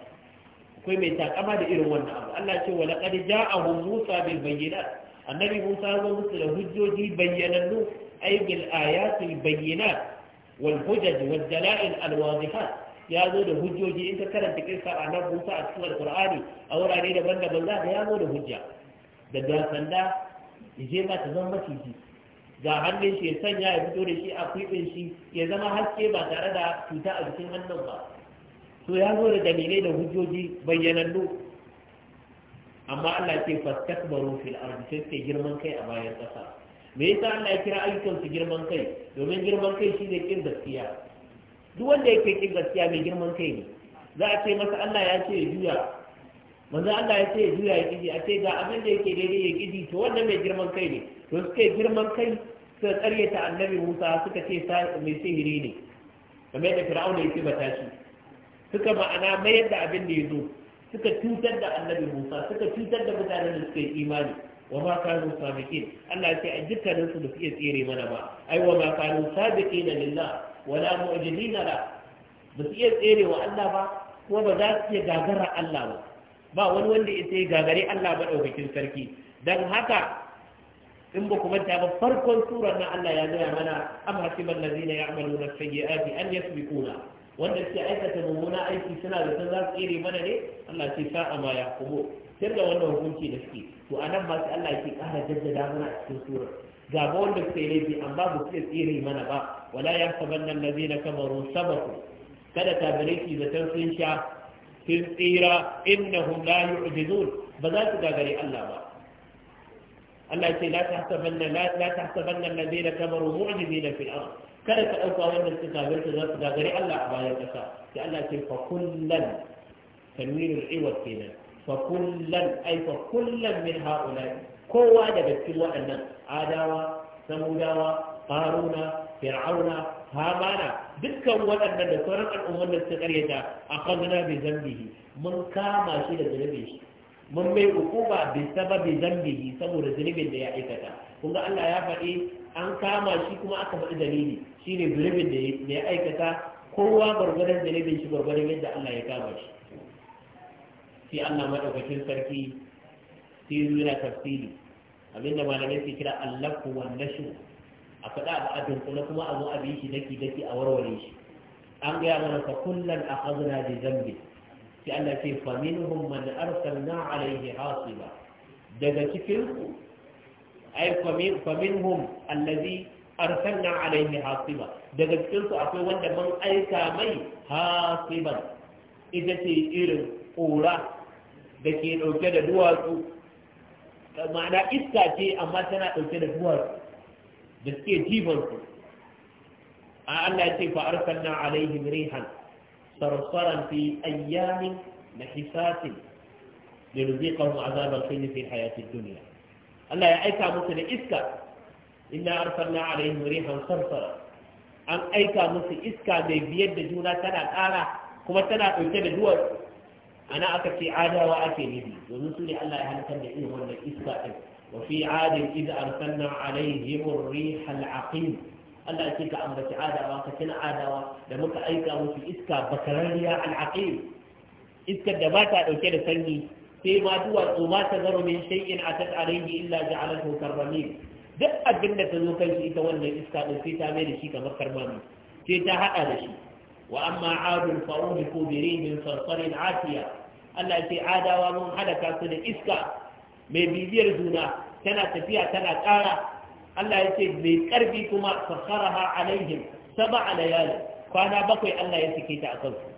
akwai mai takama da irin wannan abu Allah ce wa laqad ja'ahu Musa bil bayyinat annabi Musa ya zo musu da hujjoji bayyanannu ay bil ayati bayyinat wal hujaj wal dalail ya zo da hujjoji in ta karanta kissa a nan Musa a cikin al a wurare daban-daban za ka ya da hujja da da sanda je ma ta zama maciji ga hannun shi ya sanya ya fito da shi a kwiɓin shi ya zama haske ba tare da cuta a jikin hannun ba to ya zo da dalilai da hujjoji bayyanannu amma Allah ce fastakbaru fil ardi sai girman kai a bayan ƙasa me yasa Allah ya kira ayyukan su girman kai domin girman kai shine kin gaskiya duk wanda yake kin gaskiya mai girman kai ne za a ce masa Allah ya ce ya juya manzo Allah ya ce ya juya ya kiji a ce ga abin da yake daidai ya kiji to wannan mai girman kai ne to suka girman kai suka karyata annabi Musa suka ce mai sihiri ne kamar yadda Fir'aun ya ce ta shi suka ma'ana mayar da abin da ya zo suka cutar da annabi Musa suka cutar da mutanen da suka yi imani wa ma kanu sabiqin Allah ce a su da iya tsere mana ba ai wa ma kanu sabiqin lillah wala mu'jizina la ba su iya tsere wa Allah ba kuma ba za su iya gagara Allah ba ba wani wanda ya sai gagare Allah ba daukakin sarki dan haka in ba kuma ta ba farkon surar na Allah ya gaya mana am hasiban allazina ya'maluna sayyi'ati an yasbiquna wanda suke aikata mummuna aiki suna da san za su tsere mana ne Allah ce sa'a ma yahkumu sirga wannan hukunci da suke to anan ba masu Allah yake ƙara jaddada mana a cikin sura ga ba wanda suka yi laifi amma ba su tsere mana ba wala ya saban nan lazi na kamaru sabaku kada tabirai su zaton sun sha sun tsira innahum la yu'jizun ba za su gagare Allah ba Allah ce la tahsabanna la la tahsabanna alladhina kafaru mu'jizina fil ard kada ka dauka wannan suka kafirta za su gagare Allah a bayan kasa sai Allah ce fa kullan tanwirul iwad kenan fa kullan ay fa kullan min haula kowa daga cikin waɗannan adawa samudawa Faruna, fir'auna hamana dukkan waɗannan da sauran al'umman da suka karyata akhadna bi zambihi mun kama shi da zunubin shi mun mai hukuma bi sababi zambihi saboda zunubin da ya aikata kun Allah ya faɗi an kama shi kuma aka faɗi dalili shine zunubin da ya aikata kowa gwargwadon zunubin shi gwargwadon yadda Allah ya kama shi sai Allah madaukakin sarki sai yana tafsiri abinda malamai ke kira allafu wan nashu a faɗa abu a dunkule kuma a zo a bi shi daki daki a warware shi an gaya mana fa kullan akhadna bi dhanbi sai Allah ce fa minhum man arsalna alayhi hasiba daga cikin ku ai fa minhum allazi arsalna alayhi hasiba daga cikin ku akwai wanda mun aika mai hasiban ita ce irin ƙura da ke ɗauke da duwatsu ma'ana iska ce amma tana ɗauke da duwatsu da suke jifansu a Allah ya ce fa arsalna alaihim rihan sarsaran fi ayyamin nahisatin لنذيقهم عذاب Allah ya aika musu da iska أيكا مثل alaihim rihan أرسلنا an aika musu iska أيكا biyar da juna tana تنا kuma tana تنا da duwatsu ana aka ce adawa ake nufi domin su ne Allah ya halakar da irin wannan iska din wa fi adin idza arsalna alaihim ar-riha al-aqim Allah ya ce ka ambaci adawa ka tuna adawa da muka aika musu iska bakararriya al-aqim iskar da ba ta dauke da sanyi sai ma duwatsu ma ta zaro min shay'in atat alaihi illa ja'alahu karramin duk abin da ta zo kan shi ita wannan iska din sai ta mai da shi kamar karmami sai ta hada da shi wa amma adun fa'udu ko bi rihin sarsarin Allah ya ce adawa mun halaka su da iska mai bibiyar juna tana tafiya tana ƙara Allah ya ce mai ƙarfi kuma sakharaha alaihim sab'a layal kwana bakwai Allah ya sike ta akan su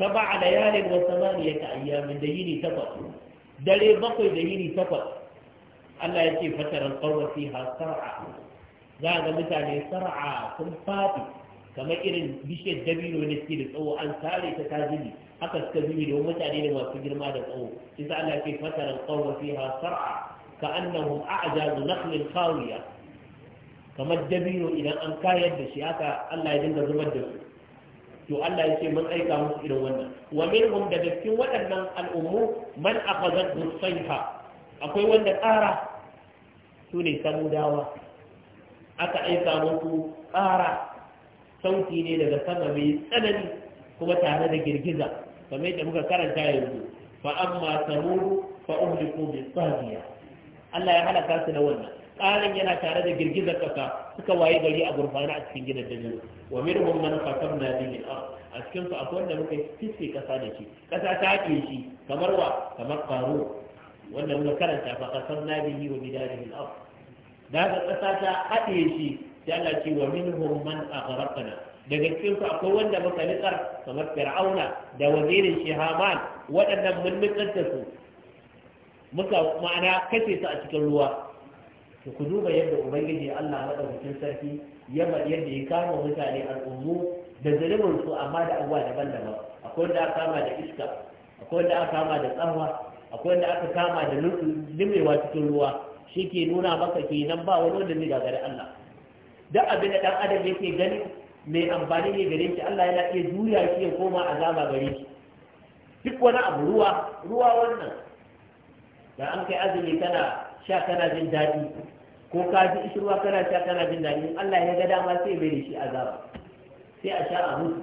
sab'a layal wa ta, ayyamin da yini takwas dare bakwai da yini takwas Allah ya ce fataral qawwa fiha sar'a za ga mutane sar'a sun faɗi kamar irin bishiyar dabino ne suke da tsawo an sare ta tajiri haka suka bibi don mutane da masu girma da tsawo isa Allah ke fataran qawwa fiha sar'a ka'annahum a'jazu nakhlin khawiya kamar dabino idan an kayar da shi haka Allah ya dinga zubar da su to Allah ya ce mun aika musu irin wannan wa minhum da cikin waɗannan al'ummu man akhadhat husayha akwai wanda ƙara su ne samudawa aka aika musu ƙara sauti ne daga sama mai tsanani kuma tare da girgiza kamar yadda muka karanta yanzu fa amma samud fa uhliku bi sahiya Allah ya halaka su da wannan tsarin yana tare da girgizar kasa suka waye gari a gurfana a cikin gidan dajin wa minhum man khatamna bihi al-ard a cikin su akwai wanda muka fiske kasa da shi kasa ta haɗe shi kamar wa kamar faru Wannan muka karanta fa khatamna bihi wa bidarihi al-ard da ga kasa ta haɗe shi sai Allah ce wa minhum man aghraqna daga su akwai wanda muka nitsar kamar fir'auna da wazirin shi haman waɗannan mun nitsar da su muka ma'ana kashe su a cikin ruwa to ku duba yadda ubangiji Allah madaukakin sarki ya yadda ya kama mutane al'ummu da zulumin su amma da abuwa daban-daban akwai wanda aka kama da iska akwai wanda aka kama da tsawa akwai wanda aka kama da limewa cikin ruwa shi ke nuna maka kenan ba wani wanda zai gagari Allah duk abin da dan adam yake gani mai amfani ne gare ki Allah yana iya juya ki ya koma azaba gare ki duk wani abu ruwa ruwa wannan da an kai azumi kana sha kana jin daɗi ko ka ji ishirwa kana sha kana jin daɗi Allah ya ga dama sai bai da shi azaba sai a sha a mutu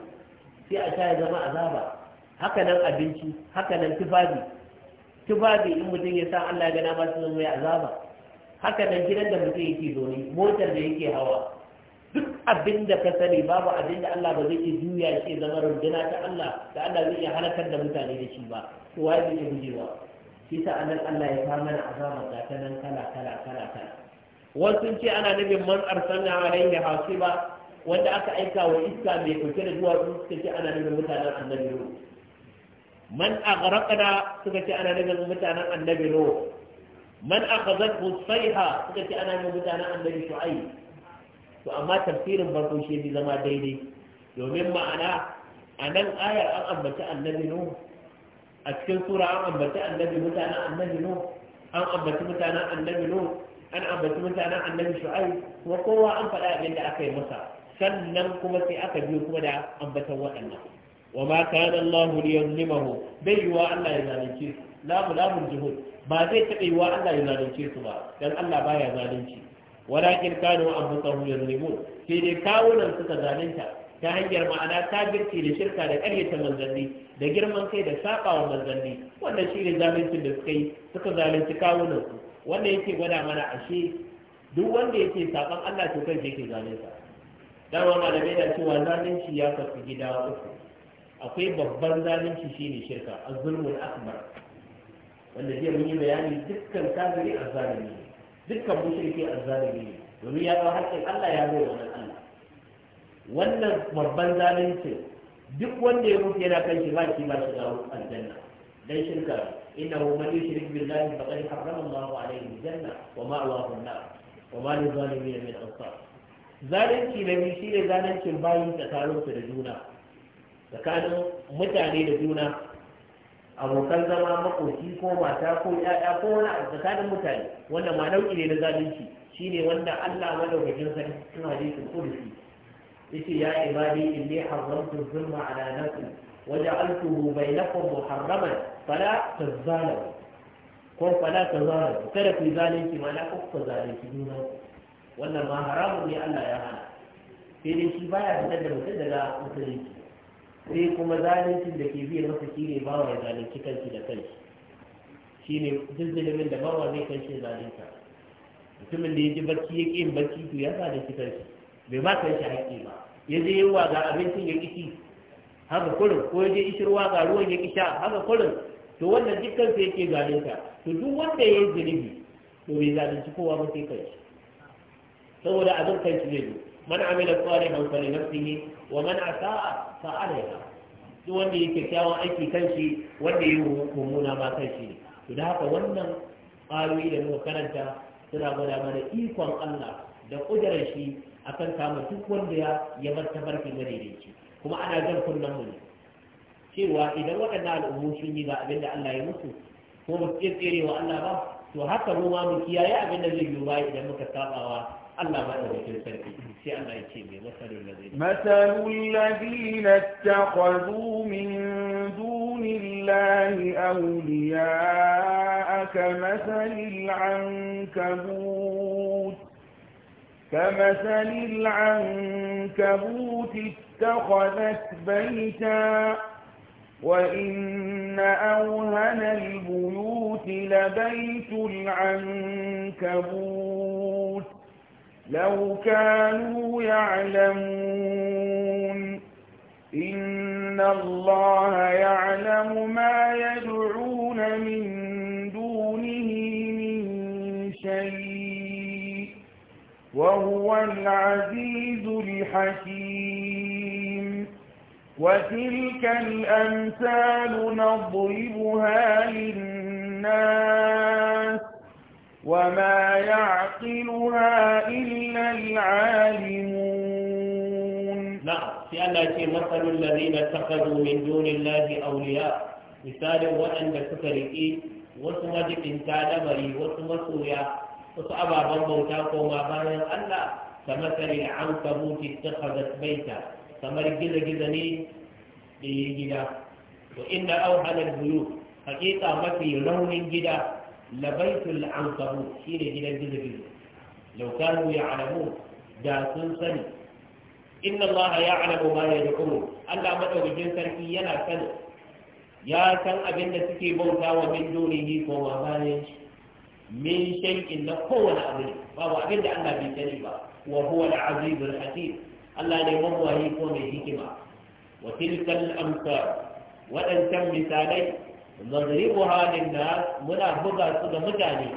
sai a sha ya zama azaba haka nan abinci haka nan tufafi tufafi in mutum ya sa Allah ya ga dama sai mai azaba haka nan gidan da mutum yake zaune motar da yake hawa duk abin da ka sani babu abin da Allah ba zai iya juya shi zama runduna ta Allah da Allah zai iya halakar da mutane da shi ba to wai zai iya gujewa shi sa anan Allah ya kama mana azaba ga ta nan kala kala kala kala wasu ce ana nufin man arsalna alaihi ba? wanda aka aika wa iska mai kuke da zuwa duwatsu suka ce ana nufin mutanen annabi ruhu man aghraqna suka ce ana nufin mutanen annabi ruhu man akhazathu sayha suka ce ana nufin mutanen annabi shu'aib to amma tafsirin farko shi bi zama daidai domin ma'ana a nan ayar an ambaci annabi nu a cikin sura an ambaci annabi mutanen annabi nu an ambaci mutanen annabi nu an ambaci mutanen annabi shu'ai kuma kowa an faɗa abin da aka yi masa sannan kuma sai aka biyo kuma da ambatan waɗannan wa ma kana Allah liyuzlimahu bai yiwa Allah ya zalunce su la mulamun juhud ba zai taɓa yiwa Allah ya zalunce su ba dan Allah baya zalunci walakin kanu anfusahum yuzlimun sai dai kawunan suka zalunta ta hanyar ma'ana ta girki da shirka da ƙaryata manzanni da girman kai da sabawa manzanni wannan shi ne zaluncin da suka yi suka zalunci kawunan su wanda yake gwada mana ashe duk wanda yake saban Allah to kai yake zalunta wa malamai da cewa zalunci ya kafi gida uku akwai babban zalunci shine shirka az-zulmul akbar wanda jiya mun yi bayani dukkan kafiri azzalimi ne dukkan mushriki azzalimi ne domin ya ga haƙƙin Allah ya zo wannan Allah wannan babban zalunci duk wanda ya mutu yana kan shi ba shi ba shi ga aljanna dan shirka innahu man yushrik billahi faqad harrama Allah alayhi aljanna wa ma'wahu an-nar wa ma lizalimin min ansar zalunci na biyu shine zaluncin bayin tsakaninsu da juna tsakanin mutane da juna abokan zama makoki ko mata ko ya'ya ko wani abu tsakanin mutane wanda ma nau'i ne na zalunci shine wanda Allah madaukakin sarki cikin hadisin kudusi yace ya ibadi inni haramtu zulma ala nafsi waja'altuhu bainakum muharraman fala tazalamu ko fala tazalamu kada ku zalunci ma na ku zalunci juna wannan ma haramun ne Allah ya hana sai dai shi baya fitar da mutum daga musulunci sai kuma zalincin da ke biya masa shi ne bawa ya zalunci kanshi da kanshi shi ne zizzimin da bawa zai kanshi zalunta mutumin da ya ji barci ya ƙi barci to ya zalunci kanshi bai ba kanshi haƙƙi ba ya je yawa ga abincin ya ƙi haka kurin ko ya je ishirwa ga ruwan ya ƙi sha haka kurin to wannan dukkan ya yake zalunta to duk wanda ya yi zunubi to bai zalunci kowa ba sai kanshi saboda abin kanshi zai zo man amila salihan fa li nafsihi wa man asaa fa alaiha duk wanda yake kyakkyawan aiki shi, wanda yi mummuna ma kan ne to da haka wannan ayoyi da muka karanta suna gwada mana ikon Allah da kudurar shi akan kama duk wanda ya ya bar tabarki madaidaici kuma ana jan kunnan mu ne cewa idan waɗannan al'ummu sun yi ga abin da Allah ya musu ko ba su tsere wa Allah ba to haka mu ma mu kiyaye abin da zai yi ba idan muka sabawa مثل الذين اتخذوا من دون الله أولياء كمثل العنكبوت كمثل العنكبوت اتخذت بيتا وإن أوهن البيوت لبيت العنكبوت لو كانوا يعلمون إن الله يعلم ما يدعون من دونه من شيء وهو العزيز الحكيم وتلك الأمثال نضربها للناس وما يعقلها إلا العالمون نعم في الله مثل الذين اتخذوا من دون الله أولياء مثال وأن سكرئي وسمد انتال مري وسمسويا وسأبا بمبوتا وما بانا ألا كمثل العنكبوت اتخذت بيتا كمر جزا جزني لجدا وإن أوهل البيوت حقيقة ما في لون جدا labaitul ankabu shine gidan gizo-gizo lau kanu ya alamu da sun sani inna Allah ya alamu ma ya dukuru Allah madaukakin sarki yana sani ya san abin da suke bauta wa min dunihi ko ma bayan shi min shay'in na kowane abu babu abin da Allah bai sani ba wa huwa Allah ne mawwahi ko mai hikima wa tilkal waɗancan misalai nazaribu halin da muna buga su ga mutane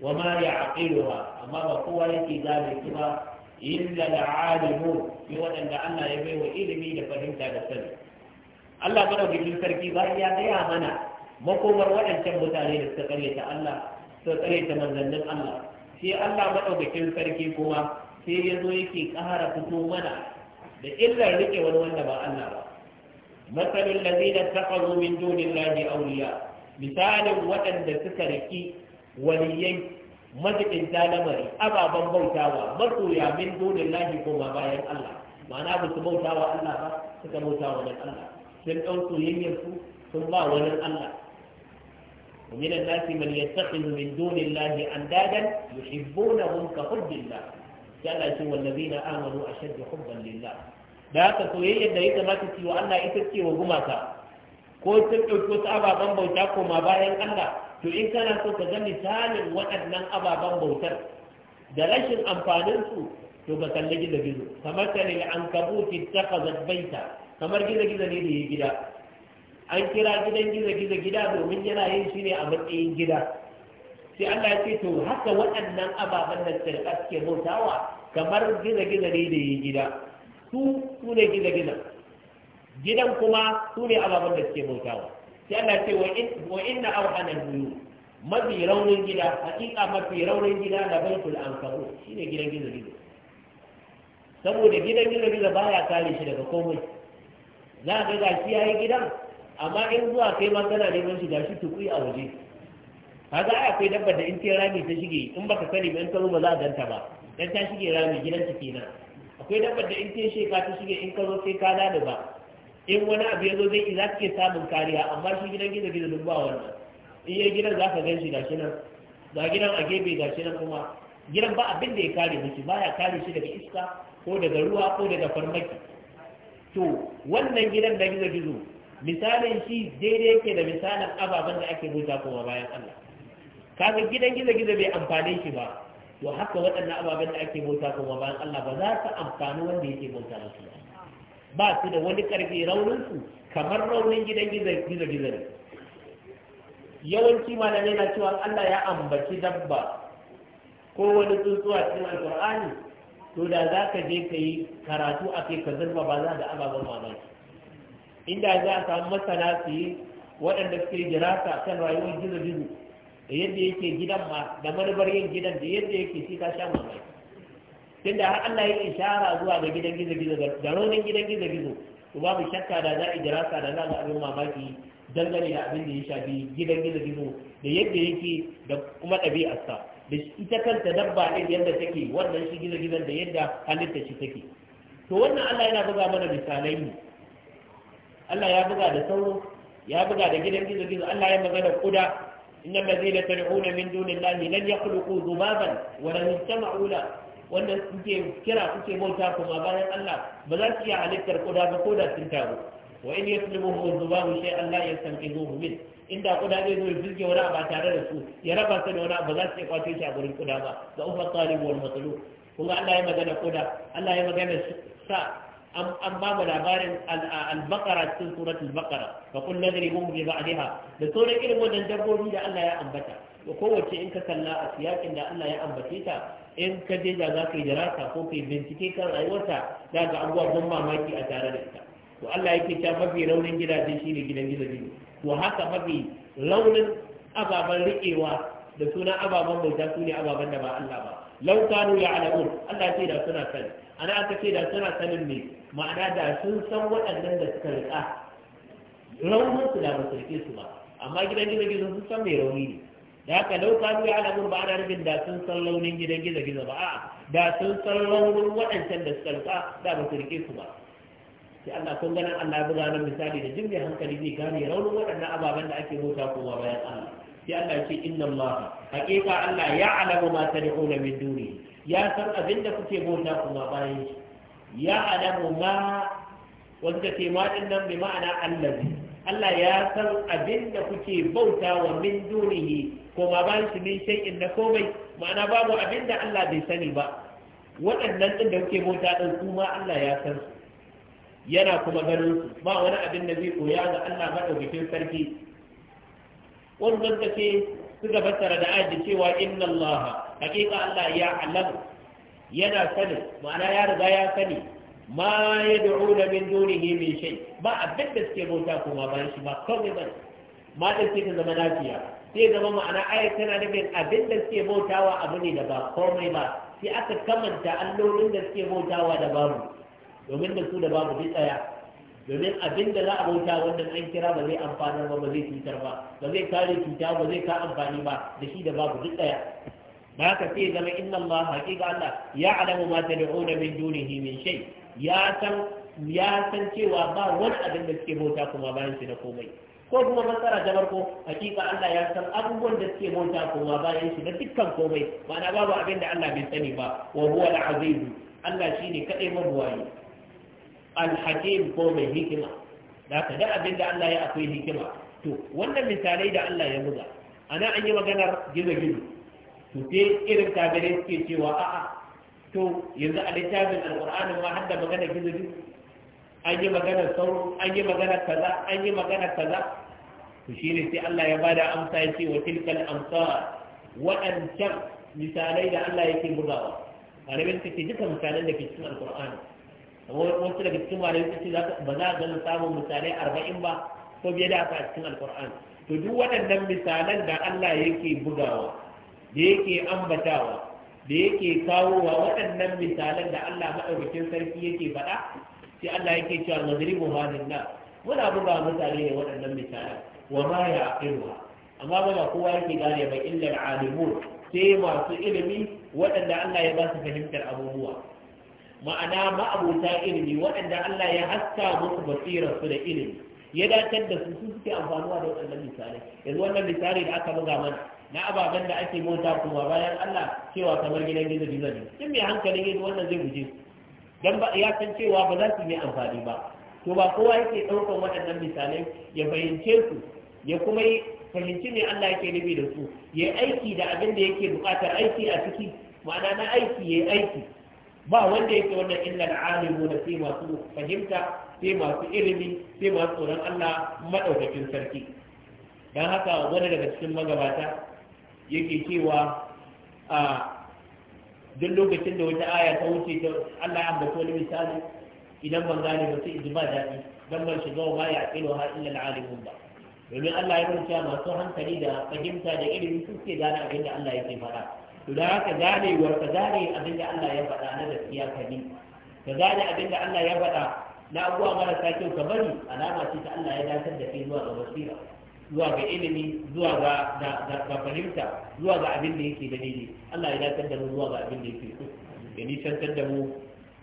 wa ma ya aqiluha amma ba kowa yake gane su ba illa al'alimu bi wadanda Allah ya baiwa ilimi da fahimta da sani Allah madaukakin sarki bayan ya gaya mana makomar waɗancan mutane da suka karyata Allah suka karyata manzannin Allah sai Allah madaukakin sarki kuma sai ya zo yake ƙara fito mana da illar riƙe wani wanda ba Allah ba matsalin lazina takazu min dunin lahi auliya misalin waɗanda suka riki waliyai majikin lamari ababen bautawa masoya min dunin lahi koma bayan Allah ma'ana ba su bautawa Allah ba suka bautawa wani Allah sun ɗau soyayyarsu sun ba wani Allah ومن الناس من يتخذ من دون الله اندادا يحبونهم كحب الله كما الذين امنوا اشد حبا لله da haka soyayyar da ya kamata ci wa Allah ita ce wa gumaka ko ta ɗauki wasu ababen bauta koma bayan Allah to in kana so ka ga misalin waɗannan ababen bautar da rashin amfaninsu to ba kalli gida gizo kamar ta ne an kabuti ta baita kamar gida gida ne da ya gida an kira gidan gida gida gida domin yana yin shi ne a matsayin gida sai Allah ya ce to haka waɗannan ababen da suke bautawa kamar gida gida ne da ya gida su su ne gina-gina gidan kuma su ne ababen da suke bautawa sai Allah ce wa inna awhanan buyu mafi raunin gida hakika mafi raunin gida da baitul ankabu shine gidan gidan gizo saboda gidan gizo ba baya kare shi daga komai za ka ga shi yayi gidan amma in zuwa kai ma kana neman shiga shi tukui a waje kaga ai akwai dabbar da in kai rami ta shige in baka sani ba in ta ba dan ta shige rami gidan ta kenan akwai dabbar da in ke sheka ta shige in ka zo sai ka da ba in wani abu ya zo zai za ka ke samun kariya amma shi gidan gida gida duk ba wannan in yi gidan za ka gan shi gashi nan ga gidan a gefe gashi nan kuma gidan ba abin da ya kare ba ya kare shi daga iska ko daga ruwa ko daga farmaki to wannan gidan da gizo gizo misalin shi daidai yake da misalin ababen da ake bauta kuma bayan Allah kaga gidan gizo gizo bai amfane shi ba to haka waɗannan ababen da ake bauta kuma bayan Allah ba za ta amfani wanda yake bauta musu ba ba su da wani ƙarfi rauninsu kamar raunin gidan gizo gizo ne yawanci malamai na cewa Allah ya ambaci dabba ko wani tsuntsuwa cikin alƙur'ani to da za ka je ka yi karatu a kai ka zurba ba za da ababen mamaki inda za a samu masana su yi waɗanda suke jirata kan rayuwar gizo gizo da yadda yake gidan ma da manubar yin gidan da yadda yake shi ka sha mamaki tun da har Allah ya ishara zuwa ga gidan gizo gizo da ronin gidan gizo gizo to babu shakka da za a sa da za ga abin mamaki dangane da abin da ya shafi gidan gizo gizo da yadda yake da kuma sa da ita kanta dabba ɗin yadda take wannan shi gizo gizon da yadda halitta shi take to wannan Allah yana buga mana misalai ne Allah ya buga da sauro ya buga da gidan gizo gizo Allah ya magana kuda إن الذين تدعون من دون الله لن يخلقوا ذبابا ولن يجتمعوا له wanda kuke kira kuke bauta kuma bayan Allah ba za su iya halittar kuda ba ko da sun taru wa in yaslubuhu dhubabu shay Allah yastanqidhuhu min inda kuda zai zo jirge wani ba tare da su ya raba su da wani ba za su iya kwato shi a gurin kuda ba da ufa talib wal kuma Allah ya magana kuda Allah ya magana sa an ba mu labarin al-baqara cikin suratul baqara fa kullu nadribuhu bi ba'daha da sauran irin wannan dabbobi da Allah ya ambata to kowace in ka kalla a siyakin da Allah ya ambace ta in ka je da za yi ko ka bincike kan rayuwarta za ka abubuwa mamaki a tare da ita to Allah yake ta mafi raunin gidaje shine gidan gidaje to haka mafi raunin ababen riƙewa da suna ababen bauta su ne ababen da ba Allah ba lau kanu ya alamun Allah ce da suna sani ana aka ce da suna sanin ne ma'ana da sun san waɗannan da suka riƙa raunin su da ba su riƙe su ba amma gidan gizo gizo sun san mai rauni ne da haka lauka biyu alamun ba ana nufin da sun san launin gidan gizo gizo ba a da sun san raunin waɗancan da suka riƙa da ba su riƙe su ba sai Allah kun ganin Allah ya buga nan misali da jin hankali zai gane raunin waɗannan ababen da ake mota kowa bayan Allah sai Allah ce inna Allah haƙiƙa Allah ya alamu ma tad'una min duni ya san abin da kuke mota kuma bayan shi ya'lamu ma wanda ke nan bi ma'ana allazi Allah ya san abin da kuke bauta wa min dunihi ko ma ba shi min shay'in na komai ma'ana babu abin da Allah bai sani ba waɗannan din da kuke bauta din su ma Allah ya san su yana kuma ganin su ba wani abin da zai koya ga Allah bikin sarki wannan da ke suka fassara da ayat cewa inna Allah hakika Allah ya alamu yana sanin ma'ana ya riga ya sani ma ya da min dole dunihi min shai ba abin da suke bauta kuma bayan shi ba kawai ba ma da suke zama lafiya sai zama ma'ana ayat tana nufin abin da suke bauta wa abu ne da ba komai ba sai aka kamanta allolin da suke bautawa da babu domin da su da babu duk tsaya domin abin da za a bauta wannan an kira ba zai amfanar ba ba zai cutar ba ba zai kare cuta ba zai ka amfani ba da shi da babu duk tsaya Ba ka ce zama inna Allah haƙiƙa Allah ya alamu ma tad'una min dunihi min shai. ya san cewa ba wani abin da suke bauta kuma bayan shi na komai ko kuma matsara ta ko haƙiƙa Allah ya san abubuwan da suke bauta kuma bayan shi na dukkan komai ma'ana babu abin da Allah bai sani ba wa huwa al-aziz Allah shine kadai mabuwayi al-hakim ko mai hikima da ka da abin da Allah ya akwai hikima to wannan misalai da Allah ya buga ana an yi maganar gizo-gizo to sai irin tabirai suke cewa a'a to yanzu a littafin alƙur'anin ma har da magana gizo an yi magana sauro an yi magana kaza an yi magana kaza to shi ne sai Allah ya bada amsa ya ce wa tilkal amsa waɗancan misalai da Allah yake bugawa malamin ke jika misalan da ke cikin alƙur'ani wasu daga cikin malamin suke ba za a gani samun misalai arba'in ba ko biye da haka a cikin alƙur'ani to duk waɗannan misalan da Allah yake bugawa da yake ambatawa da yake kawowa waɗannan misalan da Allah maɗaukakin sarki yake faɗa sai Allah yake cewa nadribu hadin nan muna buga mutane ne waɗannan misalan wa ma ya'qiluha amma ba kowa yake gane ba illa alimun sai masu ilimi waɗanda Allah ya ba su fahimtar abubuwa ma'ana ma'abuta ilimi waɗanda Allah ya haska musu basirar su da ilimi ya dace da su su suke amfanuwa da waɗannan misalai yanzu wannan misali da aka buga mana na ababen da ake mota kuma bayan Allah cewa kamar gidan gizo gizo ne in mai hankalin yanzu wannan zai guje dan ba ya san cewa ba za su yi amfani ba to ba kowa yake daukar waɗannan misalai ya fahimce su ya kuma yi fahimci ne Allah yake nufi da su ya aiki da abin da yake buƙatar aiki a ciki ma'ana na aiki ya aiki ba wanda yake wannan illa alimu da sai masu fahimta sai masu ilimi sai masu tsoron Allah madaukakin sarki dan haka wani daga cikin magabata yake cewa a duk lokacin da wata aya ta wuce ta Allah ya ambata wani misali idan ban gane ba sai ba daɗi dan ban shiga wa ya ilo ha illa alimun ba domin Allah ya rubuta masu hankali da fahimta da ilimi su ke gane abin da Allah yake faɗa to da haka ganewar ka gane abin da Allah ya faɗa na gaskiya ka bi ka gane abin da Allah ya faɗa na abuwa marasa kyau ka bari alama ce ta Allah ya dakatar da kai zuwa ga basira zuwa ga ilimi zuwa ga fahimta zuwa ga abin da yake dalili Allah ya dakatar da mu zuwa ga abin da yake so ya nisantar da mu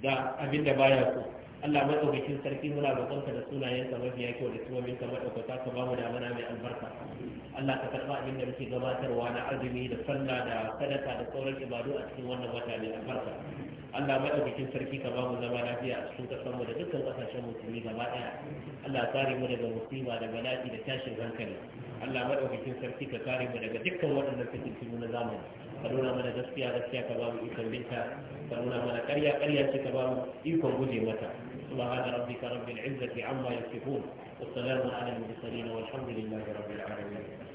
ga abin da baya so Allah madaukakin sarki muna roƙonka da sunayen ka mafiya kyau da tuwamin ka madaukaka ka bamu da mana mai albarka Allah ka karɓa abin da muke gabatarwa na azumi da sallah da sadaka da sauran ibadu a cikin wannan wata mai albarka Allah madaukakin sarki ka bamu zama lafiya a cikin kasar mu da dukkan kasashen musulmi gaba ɗaya Allah kare mu daga musiba da bala'i da tashin hankali Allah madaukakin sarki ka kare mu daga dukkan waɗannan fitintunu na zamani ka mana gaskiya gaskiya ka ba ikon binta ka mana ƙarya ƙarya ce ka ba ikon guje mata سبحان ربك رب العزة عما يصفون والسلام ala al mursalin walhamdulillahi rabbil alamin